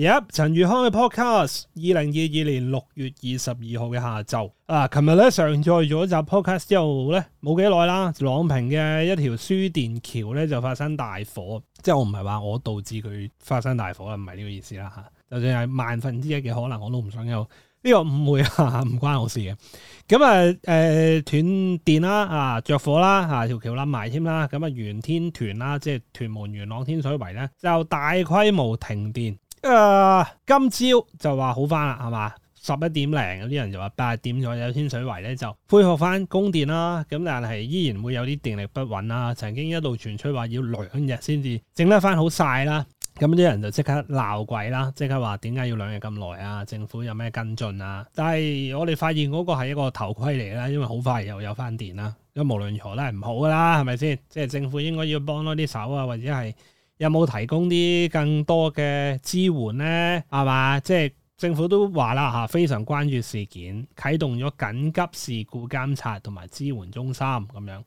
一陳如康嘅 podcast，二零二二年六月二十二號嘅下晝啊，琴日咧上載咗集 podcast 之後咧，冇幾耐,啦，朗屏嘅一條輸電橋咧就發生大火，即係我唔係話我導致佢發生大火啊，唔係呢個意思啦吓，就算係萬分之一嘅可能，我都唔想有呢、這個誤會啊，唔關我的事嘅。咁、呃、啊誒斷電啦啊着火啦啊條橋冧埋添啦，咁啊元天團啦，即係屯門元朗天水圍咧就大規模停電。誒、呃，今朝就話好翻啦，係嘛？十一點零嗰啲人就話八點左右有天水圍咧就恢復翻供電啦，咁但係依然會有啲電力不穩啦。曾經一度傳出話要兩日先至整得翻好晒啦，咁啲人就即刻鬧鬼啦，即刻話點解要兩日咁耐啊？政府有咩跟進啊？但係我哋發現嗰個係一個頭盔嚟啦，因為好快又有翻電啦。因為無論如何都係唔好噶啦，係咪先？即、就、係、是、政府應該要幫多啲手啊，或者係。有冇提供啲更多嘅支援咧？係嘛？即係政府都話啦吓，非常關注事件，啟動咗緊急事故監察同埋支援中心咁樣。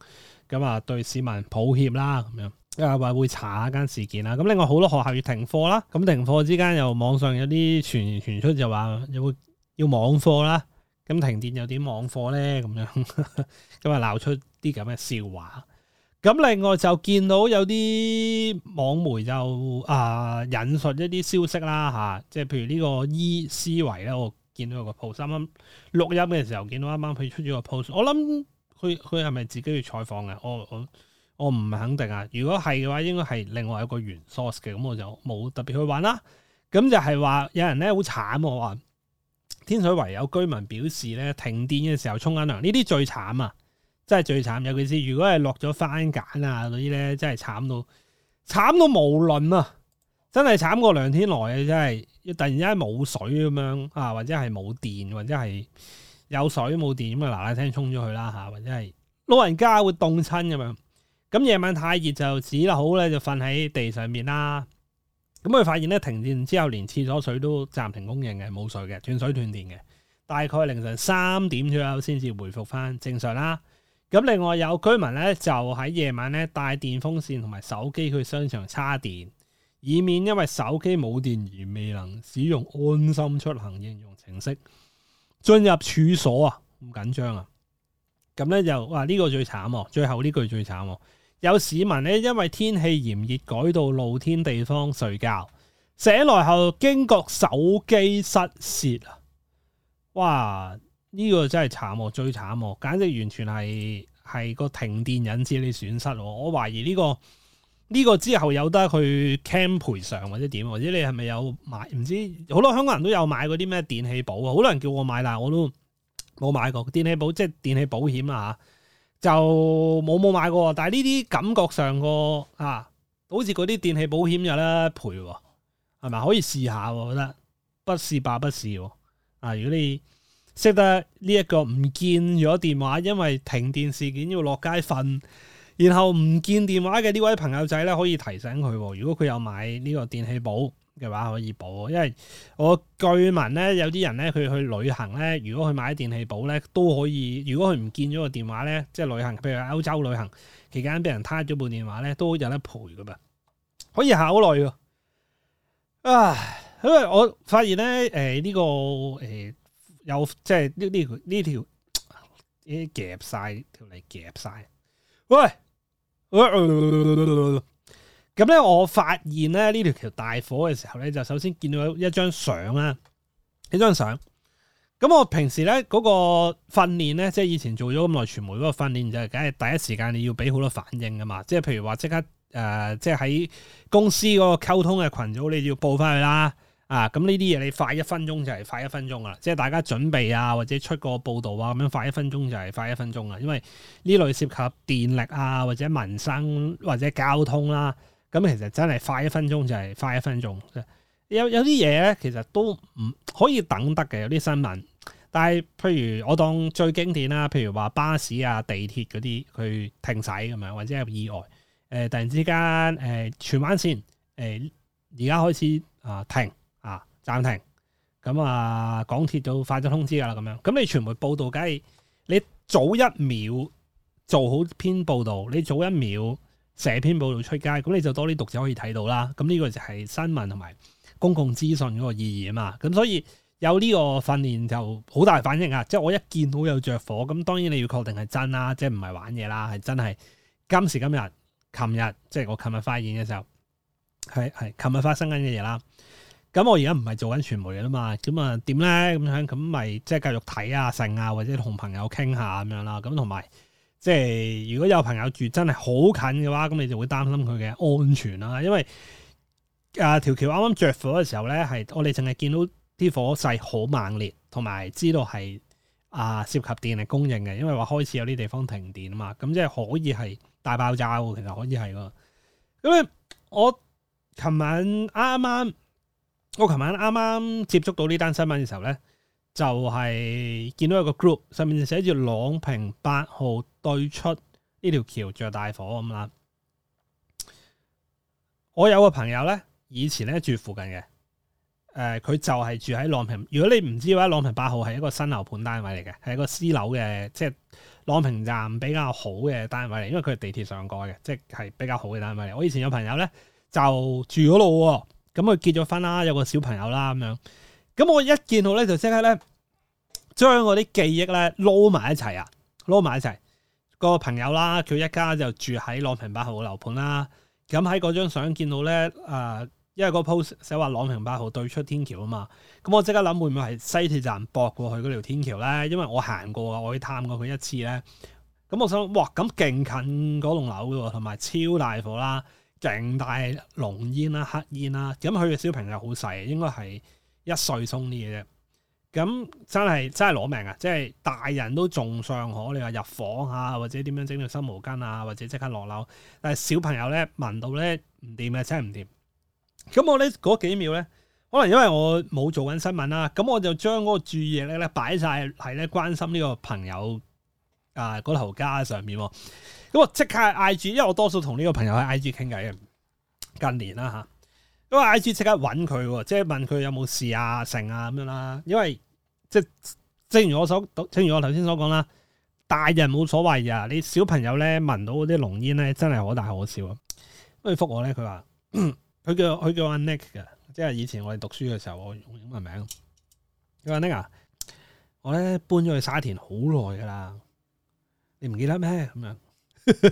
咁啊，對市民抱歉啦咁樣。因為話會查下間事件啦。咁另外好多學校要停課啦。咁停課之間又網上有啲傳傳出，就話要要網課啦。咁停電又點網課咧？咁樣咁啊，鬧 出啲咁嘅笑話。咁另外就見到有啲網媒就啊、呃、引述一啲消息啦吓，即係譬如呢個 E 思維咧，我見到有個 post，啱啱錄音嘅時候見到啱啱佢出咗個 post，我諗佢佢係咪自己去採訪嘅？我我我唔肯定啊。如果係嘅話，應該係另外一個源 source 嘅，咁我就冇特別去玩啦。咁就係話有人咧好慘，我話天水圍有居民表示咧，停電嘅時候沖緊涼，呢啲最慘啊！真係最慘，尤其是如果係落咗番梘啊嗰啲咧，真係慘到慘到無論啊！真係慘過梁天來啊！真係突然間冇水咁樣啊，或者係冇電，或者係有水冇電咁啊，嗱嗱聲沖咗去啦吓，或者係老人家會凍親咁樣。咁夜晚太熱就只啦好咧，就瞓喺地上面啦。咁佢發現咧停電之後，連廁所水都暫停供應嘅，冇水嘅，斷水斷電嘅。大概凌晨三點左右先至回复翻正常啦。咁另外有居民咧就喺夜晚咧帶電風扇同埋手機去商場叉電，以免因為手機冇電而未能使用安心出行應用程式進入處所啊！唔緊張啊！咁咧就哇呢、呢個最慘哦、啊，最後呢句最慘哦、啊，有市民咧因為天氣炎熱改到露天地方睡覺，醒來後驚覺手機失竊啊！哇！呢、這個真係慘喎、啊，最慘喎、啊，簡直完全係係個停電引致你損失喎、啊。我懷疑呢、這個呢、這個之後有得去 claim 賠償、啊、或者點、啊，或者你係咪有買？唔知道好多香港人都有買嗰啲咩電器保啊，好多人叫我買啦，我都冇買過電器保，即係電器保險啊就冇冇買過。但係呢啲感覺上個啊，好似嗰啲電器保險有得、啊、賠、啊，係咪可以試一下、啊？我覺得不試吧，不試，不試啊，啊！如果你識得呢一個唔見咗電話，因為停電事件要落街瞓，然後唔見電話嘅呢位朋友仔咧，可以提醒佢。如果佢有買呢個電器保嘅話，可以保。因為我據聞咧，有啲人咧佢去旅行咧，如果佢買電器保咧，都可以。如果佢唔見咗個電話咧，即係旅行，譬如歐洲旅行期間俾人攋咗部電話咧，都有得賠噶嘛。可以考慮喎。唉，因為我發現咧，誒、呃、呢、這個誒。呃有即係呢呢呢條夾晒條嚟夾晒，喂，咁咧，我發現咧呢條條大火嘅時候咧，就是，首先見到一張相啊，一張相。咁我平時咧嗰個訓練咧，即係以前做咗咁耐傳媒嗰個訓練就係，梗係第一時間你要俾好多反應噶嘛。即係譬如話即刻誒、呃，即係喺公司嗰個溝通嘅群組，你要報翻去啦。啊，咁呢啲嘢你快一分鐘就係快一分鐘啦，即係大家準備啊，或者出個報道啊咁樣，快一分鐘就係快一分鐘啦，因為呢類涉及電力啊，或者民生或者交通啦、啊，咁其實真係快一分鐘就係快一分鐘，有有啲嘢咧，其實都唔可以等得嘅，有啲新聞。但係譬如我當最經典啦，譬如話巴士啊、地鐵嗰啲去停駛咁樣，或者有意外，誒、呃、突然之間誒、呃、荃灣線而家、呃、開始啊停。暫停，咁啊，港鐵就發咗通知噶啦，咁樣，咁你傳媒報道，梗係你早一秒做好篇報道，你早一秒寫篇報道出街，咁你就多啲讀者可以睇到啦。咁呢個就係新聞同埋公共資訊嗰個意義啊嘛。咁所以有呢個訓練就好大反應啊！即係我一見到有着火，咁當然你要確定係真啦，即係唔係玩嘢啦，係真係今時今日、琴日，即係我琴日發現嘅時候，係係琴日發生緊嘅嘢啦。咁我而家唔係做緊傳媒嘅啦嘛，咁啊點咧？咁樣咁咪即係繼續睇啊、剩啊，或者同朋友傾下咁樣啦。咁同埋即係如果有朋友住真係好近嘅話，咁你就會擔心佢嘅安全啦。因為啊，條橋啱啱着火嘅時候咧，係我哋淨係見到啲火勢好猛烈，同埋知道係啊涉及電力供應嘅，因為話開始有啲地方停電啊嘛。咁即係可以係大爆炸，其實可以係咯。咁我琴晚啱啱。我琴晚啱啱接觸到呢單新聞嘅時候咧，就係、是、見到有個 group 上面寫住朗屏八號對出呢條橋着大火咁啦。我有個朋友咧，以前咧住附近嘅，誒、呃、佢就係住喺朗屏。如果你唔知嘅話，朗屏八號係一個新樓盤單位嚟嘅，係一個私樓嘅，即、就、係、是、朗屏站比較好嘅單位嚟。因為佢係地鐵上蓋嘅，即、就、係、是、比較好嘅單位嚟。我以前有朋友咧就住嗰度喎。咁佢結咗婚啦，有個小朋友啦，咁樣。咁我一見到咧，就即刻咧將我啲記憶咧撈埋一齊啊，撈埋一齊。那個朋友啦，佢一家就住喺朗屏八號樓盤啦。咁喺嗰張相見到咧，誒、呃，因為個 post 寫話朗屏八號對出天橋啊嘛。咁我即刻諗會唔會係西鐵站駁過去嗰條天橋咧？因為我行過啊，我去探過佢一次咧。咁我想，哇，咁勁近嗰棟樓嘅喎，同埋超大火啦。勁大濃煙啦、黑煙啦、啊，咁佢嘅小朋友好細，應該係一歲鬆啲嘅啫。咁真係真係攞命啊！即係大人都仲尚可，你話入房啊，或者點樣整條濕毛巾啊，或者即刻落樓。但係小朋友咧聞到咧唔掂呀，真係唔掂。咁我咧嗰幾秒咧，可能因為我冇做緊新聞啦、啊，咁我就將嗰個注意力咧擺晒係咧關心呢個朋友。啊！嗰頭家上面，咁我即刻 I G，因為我多數同呢個朋友喺 I G 傾偈。近年啦吓，咁、啊、我 I G 即刻搵佢，即係問佢有冇事啊、成啊咁樣啦。因為即係正如我所，正如我頭先所講啦，大人冇所謂啊，你小朋友咧聞到嗰啲濃煙咧，真係可大可小啊。咁佢覆我咧，佢話佢叫佢叫 Anika 㗎。即係以前我哋讀書嘅時候，我用呢個名。Anika，c 我咧搬咗去沙田好耐噶啦。你唔記得咩？咁樣，咁，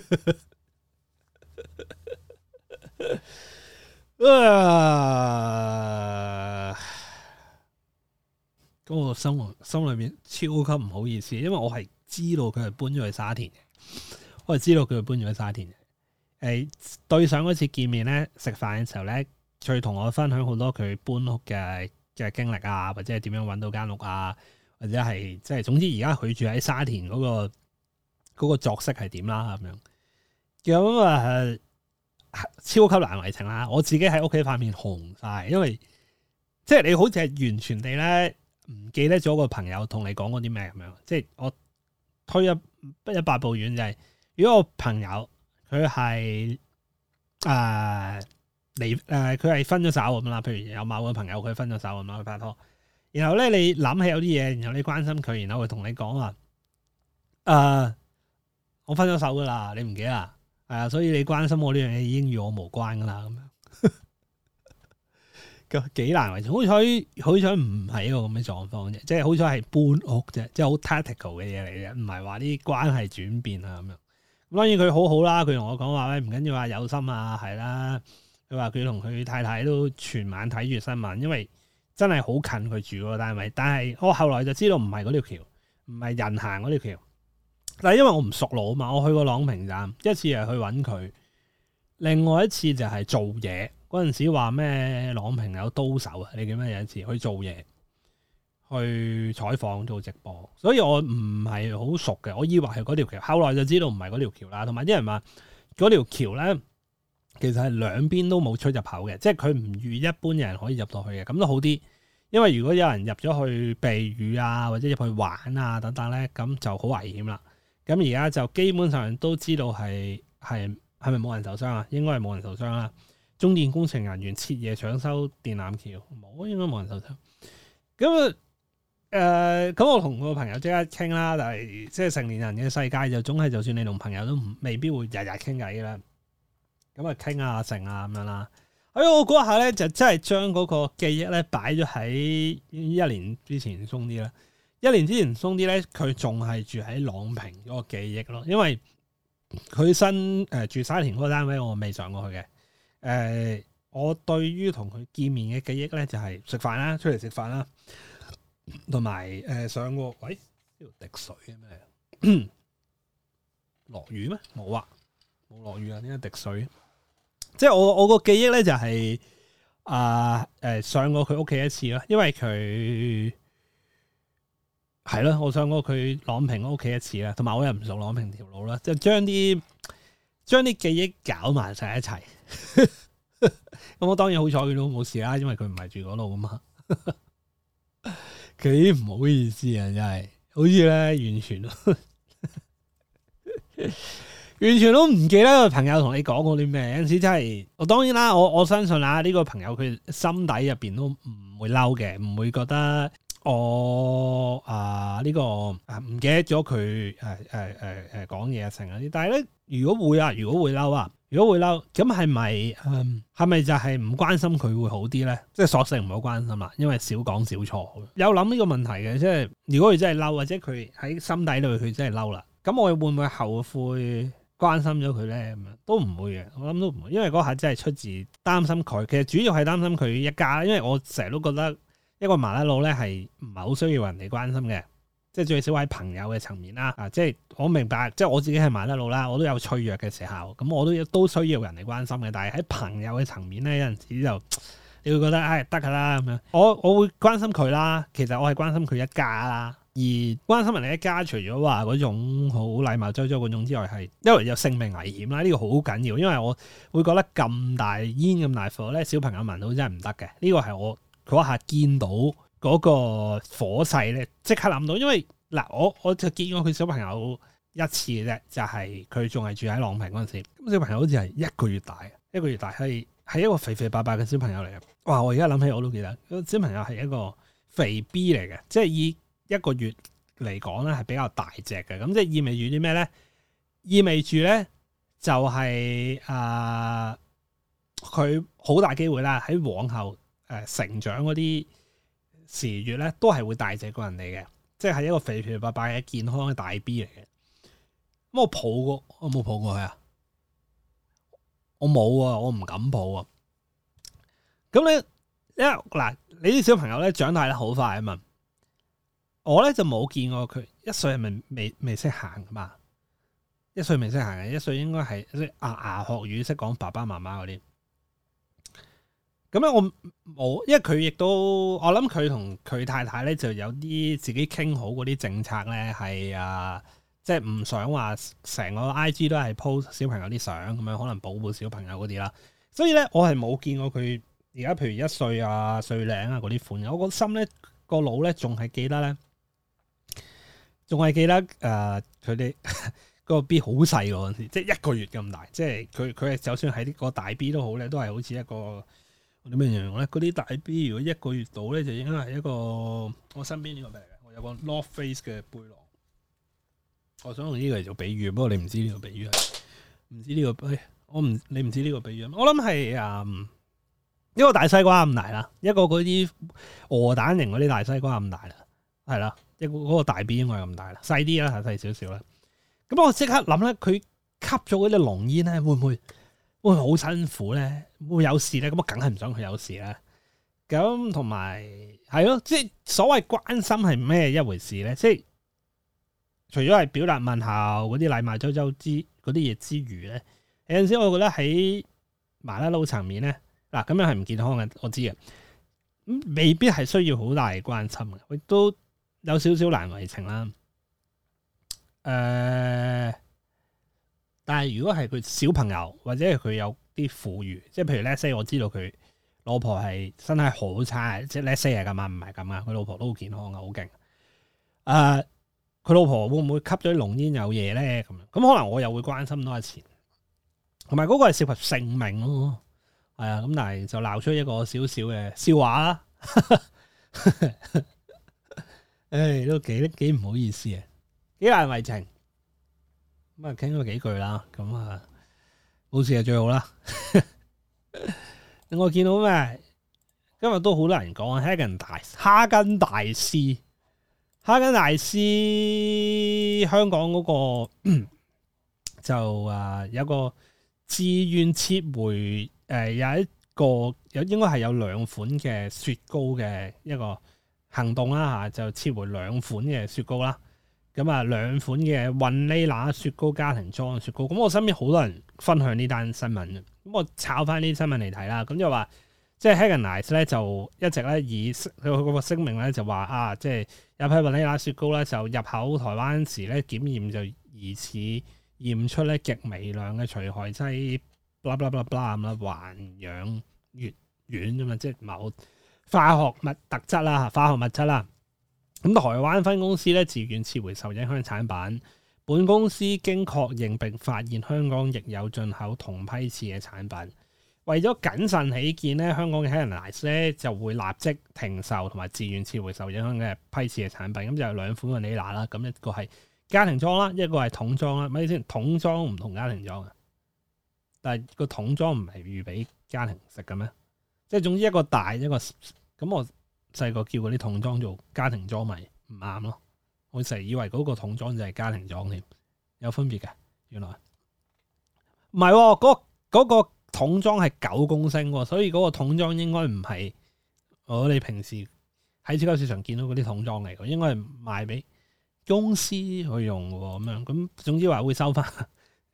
啊，我心心裏面超級唔好意思，因為我係知道佢係搬咗去沙田嘅，我係知道佢係搬咗去沙田嘅。誒，對上嗰次見面咧，食飯嘅時候咧，佢同我分享好多佢搬屋嘅嘅經歷啊，或者係點樣搵到間屋啊，或者係即係總之，而家佢住喺沙田嗰個。嗰、那個作息係點啦咁樣，啊，咁啊超級難為情啦！我自己喺屋企塊面紅晒，因為即係你好似係完全地咧唔記得咗個朋友同你講過啲咩咁樣，即係我推一一百步遠就係、是，如果個朋友佢係誒離誒佢係分咗手咁啦，譬如有某個朋友佢分咗手咁啦，佢拍拖，然後咧你諗起有啲嘢，然後你關心佢，然後佢同你講話誒。呃我分咗手噶啦，你唔記得？係啊，所以你關心我呢樣嘢已經與我無關噶啦，咁樣。咁 幾難為情，好彩好彩唔係一個咁嘅狀況啫，即係好彩係搬屋啫，即係好 tactical 嘅嘢嚟嘅，唔係話啲關係轉變啊咁樣。咁當然佢好好啦，佢同我講話，喂，唔緊要啊，有心啊，係啦。佢話佢同佢太太都全晚睇住新聞，因為真係好近佢住喎。但係，但係我後來就知道唔係嗰條橋，唔係人行嗰條橋。但，因為我唔熟路啊嘛，我去過朗屏站一次係去揾佢，另外一次就係做嘢嗰陣時話咩朗屏有刀手啊？你記唔記得，有一次去做嘢，去採訪做直播，所以我唔係好熟嘅。我以為係嗰條橋，後來就知道唔係嗰條橋啦。同埋啲人話嗰條橋呢，其實係兩邊都冇出入口嘅，即係佢唔預一般人可以入到去嘅，咁都好啲。因為如果有人入咗去避雨啊，或者入去玩啊等等呢，咁就好危險啦。咁而家就基本上都知道係係係咪冇人受傷啊？應該係冇人受傷啦、啊。中電工程人員徹夜搶修電纜橋，冇，應該冇人受傷。咁誒，咁、呃、我同個朋友即刻傾啦，但係即係成年人嘅世界就總係，就算你同朋友都未必會日日傾偈嘅啦。咁啊，傾啊，成啊，咁樣啦。喺我嗰下咧就真係將嗰個記憶咧擺咗喺一年之前鬆啲啦。一年之前鬆啲咧，佢仲係住喺朗平嗰個記憶咯，因為佢新誒、呃、住沙田嗰個單位，我未上過去嘅。誒、呃，我對於同佢見面嘅記憶咧，就係食飯啦，出嚟食飯啦，同埋誒上過。喂，呢度滴水嘅咩？落 雨咩？冇啊，冇落雨啊，點解滴水。即係我我個記憶咧就係啊誒上過佢屋企一次咯，因為佢。係咯，我上過佢朗屏屋企一次啦，同埋我又唔熟朗屏條路啦，就將啲將啲記憶搞埋晒一齊。咁 我當然好彩佢都冇事啦，因為佢唔係住嗰度啊嘛。幾 唔好意思啊，真係好似咧完全完全都唔記得個朋友同你講過啲咩。有陣時真係，我當然啦，我我相信啦，呢個朋友佢心底入邊都唔會嬲嘅，唔會覺得。我、哦、啊呢、呢個啊唔記得咗佢，誒誒誒誒講嘢成嗰啲，但係咧如果會啊，如果會嬲啊，如果會嬲，咁係咪嗯係咪就係唔關心佢會好啲咧？即係索性唔好關心啊，因為少講少錯。有諗呢個問題嘅，即係如果佢真係嬲，或者佢喺心底裏佢真係嬲啦，咁我會唔會後悔關心咗佢咧？咁都唔會嘅，我諗都唔會，因為嗰下真係出自擔心佢，其實主要係擔心佢一家，因為我成日都覺得。一個麻甩佬咧，係唔係好需要人哋關心嘅，即係最少喺朋友嘅層面啦。啊，即係我明白，即係我自己係麻甩佬啦，我都有脆弱嘅時候，咁我都都需要人哋關心嘅。但係喺朋友嘅層面咧，有陣時就你會覺得，唉、哎，得噶啦咁樣，我我會關心佢啦。其實我係關心佢一家啦。而關心人哋一家，除咗話嗰種好禮貌周周嗰種之外，係因為有性命危險啦。呢、這個好緊要，因為我會覺得咁大煙咁大火咧，小朋友聞到真係唔得嘅。呢、這個係我。嗰下見到嗰個火勢咧，即刻諗到，因為嗱，我我就見過佢小朋友一次嘅啫，就係佢仲係住喺朗屏嗰陣時。咁小朋友好似係一個月大，一個月大，係係一個肥肥白白嘅小朋友嚟嘅。哇！我而家諗起我都記得，個小朋友係一個肥 B 嚟嘅，即係以一個月嚟講咧，係比較大隻嘅。咁即係意味住啲咩咧？意味住咧就係、是、啊，佢、呃、好大機會啦，喺往後。成長嗰啲時月咧，都係會大隻過人嚟嘅，即係一個肥肥白白嘅健康嘅大 B 嚟嘅。咁我抱過，我冇抱過佢啊？我冇啊，我唔敢抱啊。咁咧，因為嗱，你啲小朋友咧長大得好快啊嘛。我咧就冇見過佢一歲係咪未未識行噶嘛，一歲未識行嘅，一歲應該係即係牙牙學語，識講爸爸媽媽嗰啲。咁我冇，因為佢亦都我諗佢同佢太太咧就有啲自己傾好嗰啲政策咧，係啊，即係唔想話成個 I G 都係 po 小朋友啲相咁樣，可能保護小朋友嗰啲啦。所以咧，我係冇見過佢而家譬如一歲啊、歲零啊嗰啲款嘅。我個心呢、那個心咧個腦咧仲係記得咧，仲係記得誒佢哋個 B 好細喎，即係一個月咁大，即係佢佢就算喺呢個大 B 都好咧，都係好似一個。嗰啲咩形容咧？啲大 B 如果一個月到咧，就應該係一個我身邊呢個嚟嘅。我有個 North Face 嘅背囊。我想用呢個嚟做比喻，不過你唔知呢個比喻係唔知呢、呢個。我唔你唔知呢個比喻。我諗係嗯一個大西瓜咁大啦，一個嗰啲鵝蛋型嗰啲大西瓜咁大啦，係啦，一、嗰、係個大 B 應該係咁大啦，細啲啦，細少少啦。咁我即刻諗咧，佢吸咗嗰啲濃煙咧，會唔會？會好辛苦咧，會，會有事咧，咁我梗係唔想佢有事啦。咁同埋係咯，即係所謂關心係咩一回事咧？即係除咗係表達問候嗰啲禮貌周周之嗰啲嘢，之餘咧，有陣時我覺得喺麻甩佬層面咧，嗱、啊、咁樣係唔健康嘅，我知嘅，未必係需要好大嘅關心嘅，亦都有少少難為情啦。誒、呃。但係如果係佢小朋友或者係佢有啲富裕，即係譬如 let's say 我知道佢老婆係身體好差，即係 let's say 係咁啊，唔係咁啊，佢老婆都好健康啊，好勁。誒、呃，佢老婆會唔會吸咗啲濃煙有嘢咧？咁咁可能我又會關心多一次，同埋嗰個係涉及性命咯。係啊，咁、哎、但係就鬧出一個少少嘅笑話啦、啊。唉、 哎，都幾幾唔好意思啊，幾難為情。咁啊，傾咗幾句啦，咁啊，冇事係最好啦。 我見到咩？今日都好多人講哈根大哈根大師，哈根大師香港嗰個 就啊，有個自願撤回誒，有一個有，一個有應該係有兩款嘅雪糕嘅一個行動啦吓，就撤回兩款嘅雪糕啦。咁啊，兩款嘅雲呢拿雪糕、家庭裝雪糕，咁我身邊好多人分享呢單新聞，咁我抄翻啲新聞嚟睇啦。咁就話，即係 Haganites 咧就一直咧以佢佢個聲明咧就話啊，即係有批雲呢拿雪糕咧就入口台灣時咧檢驗就疑似驗出咧極微量嘅除害劑，blah blah blah blah 咁啦，環氧乙烷啫嘛，即係某化學物特質啦，化學物質啦。咁台灣分公司咧，自願撤回受影響嘅產品。本公司經確認並發現香港亦有進口同批次嘅產品，為咗謹慎起見咧，香港嘅 Häagen-Dazs 咧就會立即停售同埋自願撤回受影響嘅批次嘅產品。咁就有兩款嘅雲呢拿啦，咁一個係家庭裝啦，一個係桶裝啦。咪先？桶裝唔同家庭裝啊？但係個桶裝唔係預備家庭食嘅咩？即係總之一個大一個咁我。細個叫嗰啲桶裝做家庭裝咪唔啱咯，我成日以為嗰個桶裝就係家庭裝添，有分別嘅。原來唔係喎，嗰個嗰個桶裝係九公升，所以嗰個桶裝應該唔係我哋平時喺超級市場見到嗰啲桶裝嚟嘅，應該係賣俾公司去用喎。咁樣。咁總之話會收翻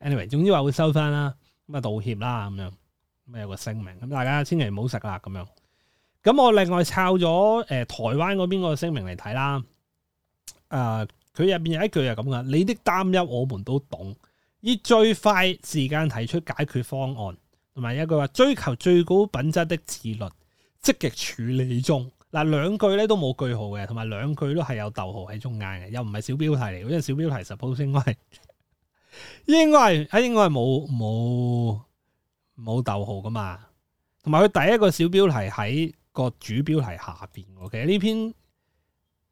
，anyway 總之話會收翻啦。咁啊道歉啦咁樣，咁有個聲明，咁大家千祈唔好食啦咁樣。咁我另外抄咗、呃、台灣嗰邊嗰個聲明嚟睇啦，誒佢入面有一句係咁嘅，你的擔憂我們都懂，以最快時間提出解決方案，同埋有一句話追求最高品質的自律，積極處理中。嗱兩句咧都冇句號嘅，同埋兩句都係有逗號喺中間嘅，又唔係小標題嚟，因為小標題 suppose 應該係應該係喺應該係冇冇冇逗號噶嘛，同埋佢第一個小標題喺。個主標題下邊，其實呢篇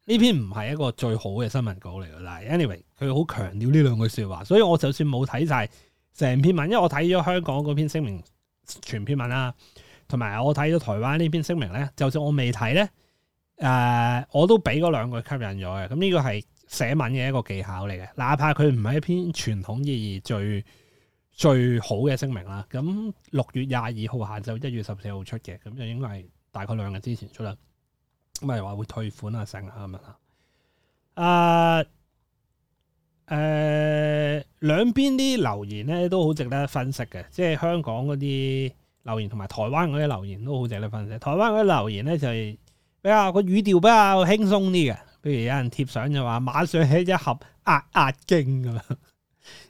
呢篇唔係一個最好嘅新聞稿嚟嘅。但 anyway，佢好強調呢兩句說話，所以我就算冇睇晒成篇文，因為我睇咗香港嗰篇聲明全篇文啦，同埋我睇咗台灣呢篇聲明咧，就算我未睇咧，誒、呃，我都俾嗰兩句吸引咗嘅。咁呢個係寫文嘅一個技巧嚟嘅，哪怕佢唔係一篇傳統意義最最好嘅聲明啦。咁六月廿二號下晝，一月十四號出嘅，咁就應該。大概兩日之前出啦，咪話，會退款啊，成啊咁樣啊，誒、uh, uh,，兩邊啲留言咧都好值得分析嘅，即係香港嗰啲留言同埋台灣嗰啲留言都好值得分析。台灣嗰啲留言咧就係比較，個語調比較輕鬆啲嘅，譬如有人貼相就話馬上起一盒壓壓驚咁樣，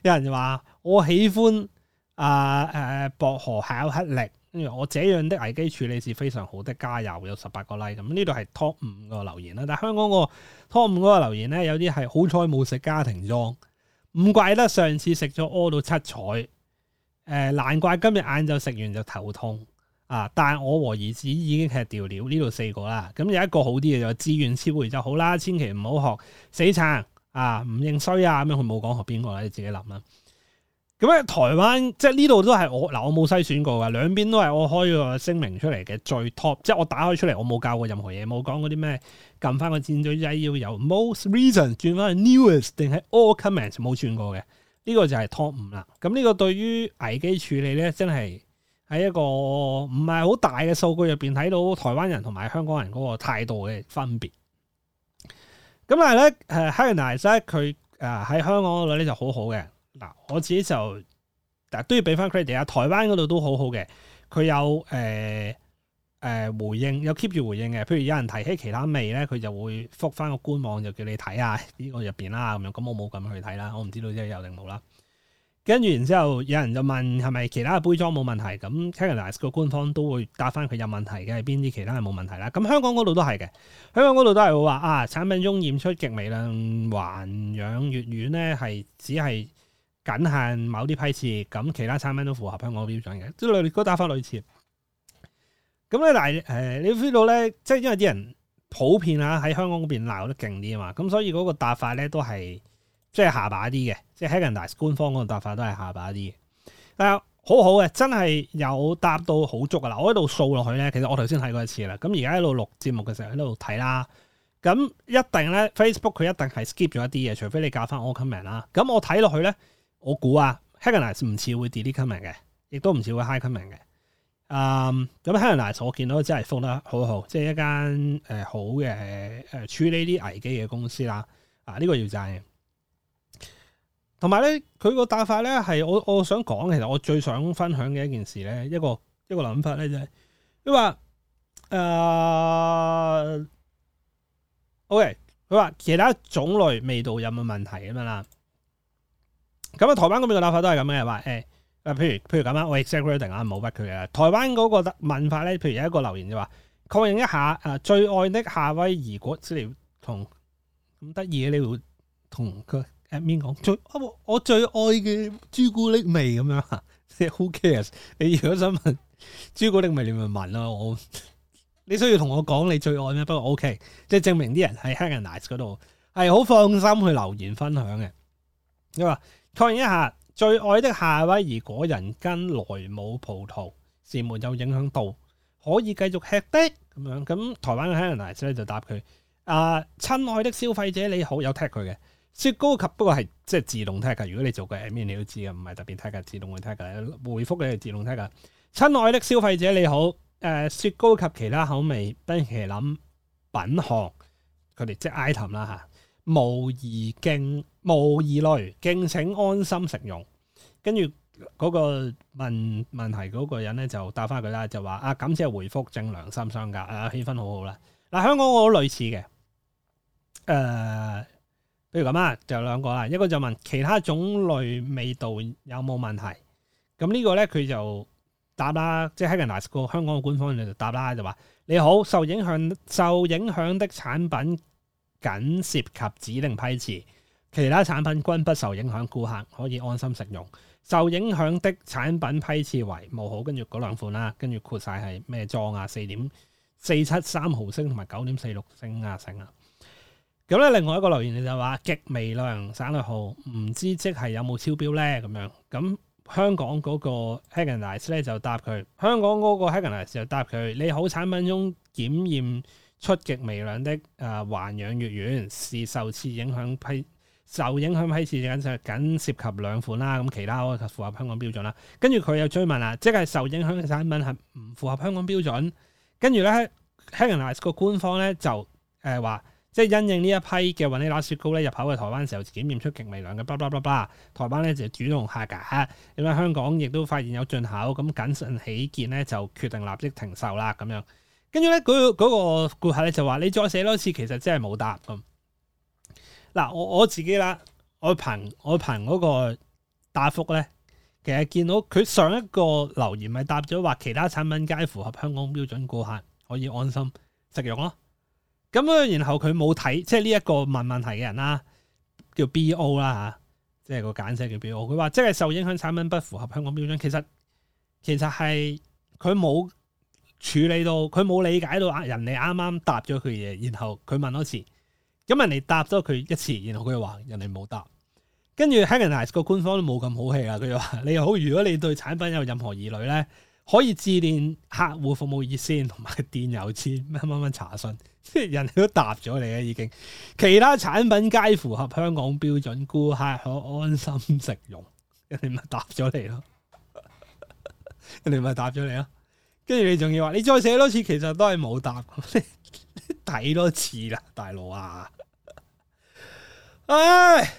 有人就話我喜歡啊誒、呃、薄荷巧克力。跟住我這樣的危機處理是非常好的，加油有十八個 like 咁，呢度係 top 五個留言啦。但香港個 top 五個留言咧，有啲係好彩冇食家庭裝，唔怪得上次食咗屙到七彩。誒、呃，難怪今日晏晝食完就頭痛啊！但我和兒子已經吃掉了呢度四個啦。咁有一個好啲嘅就自願撤回就好啦，千祈唔好學死撐啊，唔認衰啊咁樣，佢冇講學邊個啦，你自己諗啦。咁喺台灣即係呢度都係我嗱，我冇篩選過㗎。兩邊都係我開個聲明出嚟嘅最 top，即係我打開出嚟，我冇教過任何嘢，冇講嗰啲咩撳翻個戰隊仔要有 most reason 轉翻去 newest 定係 all comments 冇轉過嘅，呢個就係 top 五啦。咁呢個對於危機處理咧，真係喺一個唔係好大嘅數據入面睇到台灣人同埋香港人嗰個態度嘅分別。咁但係咧，Häagen-Dazs 佢喺香港嗰度咧就好好嘅。嗱，我自己就，但都要俾翻 credit 啊！台灣嗰度都好好嘅，佢有誒誒、呃呃、回應，有 keep 住回應嘅。譬如有人提起其他味咧，佢就會覆翻個官網，就叫你睇下呢個入邊啦咁樣。咁我冇咁去睇啦，我唔知道到底有定冇啦。跟住然之後，有人就問係咪其他嘅杯裝冇問題？咁 Canelas 個官方都會答翻佢有問題嘅係邊啲，哪些其他係冇問題啦。咁香港嗰度都係嘅，香港嗰度都係會話啊，產品中驗出極微量環氧乙烷咧，係只係。僅限某啲批次，咁其他產品都符合香港標準嘅，都類嗰答法類似。咁咧，但係誒，你知道咧，即係因為啲人普遍啊，喺香港嗰邊鬧得勁啲啊嘛，咁所以嗰個答法咧都係即係下把啲嘅，即係哈根達斯官方嗰個答法都係下把啲嘅。誒，好好嘅，真係有答到好足㗎喇，我喺度掃落去咧，其實我頭先睇過一次啦，咁而家喺度錄節目嘅時候喺度睇啦，咁一定咧 Facebook 佢一定係 skip 咗一啲嘢，除非你較返 all comment 啦，咁我睇落去咧。我估啊 Häagen-Dazs 唔似會 delete comment 嘅，亦都唔似會 hide comment 嘅。嗯、um，咁 Häagen-Dazs 我見到真係覆得好好，即、就、係、是、一間誒、呃、好嘅誒、呃、處理啲危機嘅公司啦。啊，呢、這個要讚嘅，同埋咧，佢個答法咧係，我我想講，其實我最想分享嘅一件事咧，一個一個諗法咧就係佢話誒，OK，佢話其他種類味道有冇問題咁樣啦。咁啊，台灣嗰邊嘅諗法都係咁嘅，話誒誒，譬如譬如咁啦，我 accept everything 啊，冇不決嘅。台灣嗰個文法咧，譬如有一個留言就話，確認一下誒，最愛的夏威夷果子嚟，同咁得意你會同佢 at 講我最愛嘅朱古力味咁樣。即係 who cares？你如果想問朱古力味，你咪問咯。我你需要同我講你最愛咩？不過 O K，即係證明啲人喺 Häagen-Dazs 嗰度係好放心去留言分享嘅。你話？確認一下，最愛的夏威夷果仁跟萊姆葡萄是沒有,有影響到，可以繼續吃的咁樣。咁台灣嘅 Helena 姐咧就答佢：，啊，親愛的消費者你好，有 tag 佢嘅雪糕及不過係即係自動 tag 如果你做過 admin，你都知嘅，唔係特別 tag 自動會 tag 嘅。回覆你係自動 tag 嘅。親愛的消費者你好，誒、啊、雪糕及其他口味冰淇淋品行、品項，佢哋即係 item 啦嚇。啊無疑敬，敬無疑，類，敬請安心食用。跟住嗰個問問題嗰個人咧就答翻佢啦，就話啊感謝回覆正良心商家，啊氣氛好好啦。嗱、啊、香港我好類似嘅，誒、呃，譬如咁啊，就兩個啦，一個就問其他種類味道有冇問題，咁呢個咧佢就答啦，即係 Häagen-Dazs 嗰個香港嘅官方你就答啦，就話你好，受影響受影響的產品。僅涉及指定批次，其他產品均不受影響客，顧客可以安心食用。受影響的產品批次為無好，跟住嗰兩款啦，跟住括晒係咩裝啊，四點四七三毫升同埋九點四六升啊，升啊。咁咧，另外一個留言就係話極微量省略號，唔知即係有冇超標呢？咁樣。咁香港嗰個 Häagen-Dazs 咧就答佢，香港嗰個 Häagen-Dazs 就答佢，你好產品中檢驗，出極微量的誒環氧乙烷是受此影響批受影響批次，僅就僅涉及兩款啦。咁其他都符合香港標準啦。跟住佢又追問啦，即係受影響嘅產品係唔符合香港標準。跟住咧，Häagen-Dazs 個官方咧就誒話，即係因應呢一批嘅雲尼拿雪糕咧入口嘅台灣時候檢驗出極微量嘅，巴拉巴拉巴拉，台灣咧就主動下架，咁樣香港亦都發現有進口，咁謹慎起見咧就決定立即停售啦，咁樣。跟住咧，嗰、嗰個顧客咧就話：你再寫多次，其實真係冇答咁。嗱、啊，我我自己啦，我憑我憑嗰個答覆咧，其實見到佢上一個留言咪答咗話，其他產品皆符合香港標準顧，顧客可以安心食用咯。咁啊，然後佢冇睇，即係呢一個問問題嘅人啦，叫 B O 啦、啊、吓，即係個簡寫叫 B O。佢話：即係受影響產品不符合香港標準，其實其實係佢冇。處理到佢冇理解到啊！人哋啱啱答咗佢嘢，然後佢問多次，咁人哋答咗佢一次，然後佢話人哋冇答，跟住 Häagen-Dazs 個官方都冇咁好氣啊！佢又話你好，如果你對產品有任何疑慮咧，可以致電客戶服務熱線同埋電郵先，乜乜乜查詢，即係人哋都答咗你啊！已經其他產品皆符合香港標準，顧客可安心食用，人哋咪答咗你咯， 人哋咪答咗你啊！跟住你仲要話，你再寫多次，其實都係冇答，你睇多次啦，大佬啊！唉，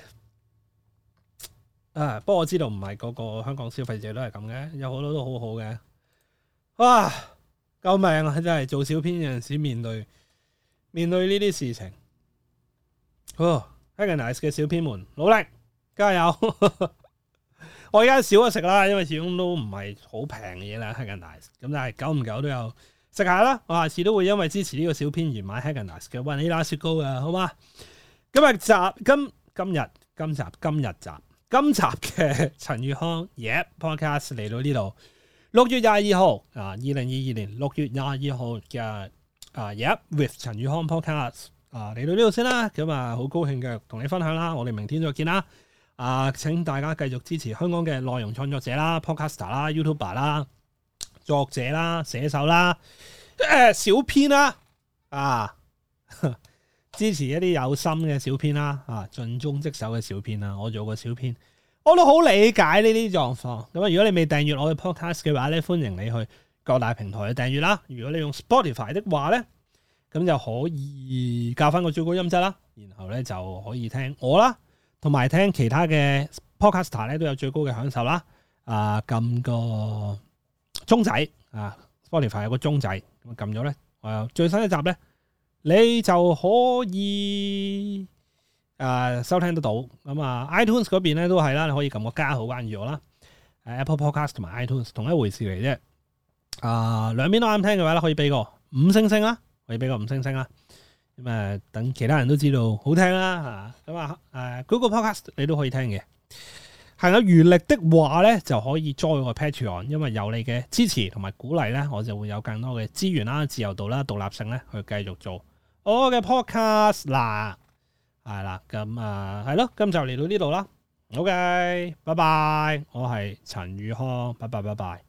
啊，不過我知道唔係個個香港消費者都係咁嘅，有好多都好好嘅。哇、啊！救命、啊！我真係做小編有陣時面對面對呢啲事情，哦，哈根大師嘅小編們，努力加油！ 我而家少咗食啦，因為始終都唔係好平嘅嘢啦，哈根大師。咁但係久唔久都有食下啦。我下次都會因為支持呢個小編而買哈根大師嘅，o 因為啲拉絲高嘅，好嘛？今日集今今日今集今日集今集嘅陳宇康 y、yeah, 嘢 podcast p 嚟到呢度。六月廿二號啊，二零二二年六月廿二號嘅啊，yep with 陳宇康 podcast 啊嚟到呢度先啦。咁啊，好、啊、高興嘅同你分享啦。我哋明天再見啦。啊！請大家繼續支持香港嘅內容創作者啦、podcaster 啦、YouTuber 啦、作者啦、寫手啦、誒小編啦啊，啊！支持一啲有心嘅小編啦啊，盡、啊、忠職守嘅小編啦、啊。我做個小編，我都好理解呢啲狀況。咁啊，如果你未訂閱我嘅 podcast 嘅話咧，歡迎你去各大平台去訂閱啦。如果你用 Spotify 的話咧，咁就可以較返個最高音質啦，然後咧就可以聽我啦。同埋聽其他嘅 podcaster 咧都有最高嘅享受啦！啊，撳個鐘仔啊，Spotify 有個鐘仔，咁撳咗咧，我最新一集咧，你就可以啊收聽得到。咁啊，iTunes 嗰邊咧都係啦，你可以撳個加號關注我啦、啊。Apple Podcast 同埋 iTunes 同一回事嚟啫。啊，兩邊都啱聽嘅話咧，可以俾個五星星啦，可以俾個五星星啦。咁誒，等其他人都知道好聽啦吓，咁啊誒，Google Podcast 你都可以聽嘅。行有餘力的話咧，就可以 join 我 Patreon，因為有你嘅支持同埋鼓勵咧，我就會有更多嘅資源啦、自由度啦、獨立性咧，去繼續做我嘅 podcast 啦。係啦，咁啊係咯，今就嚟到呢度啦。OK，拜拜，我係陳宇康，拜拜拜拜。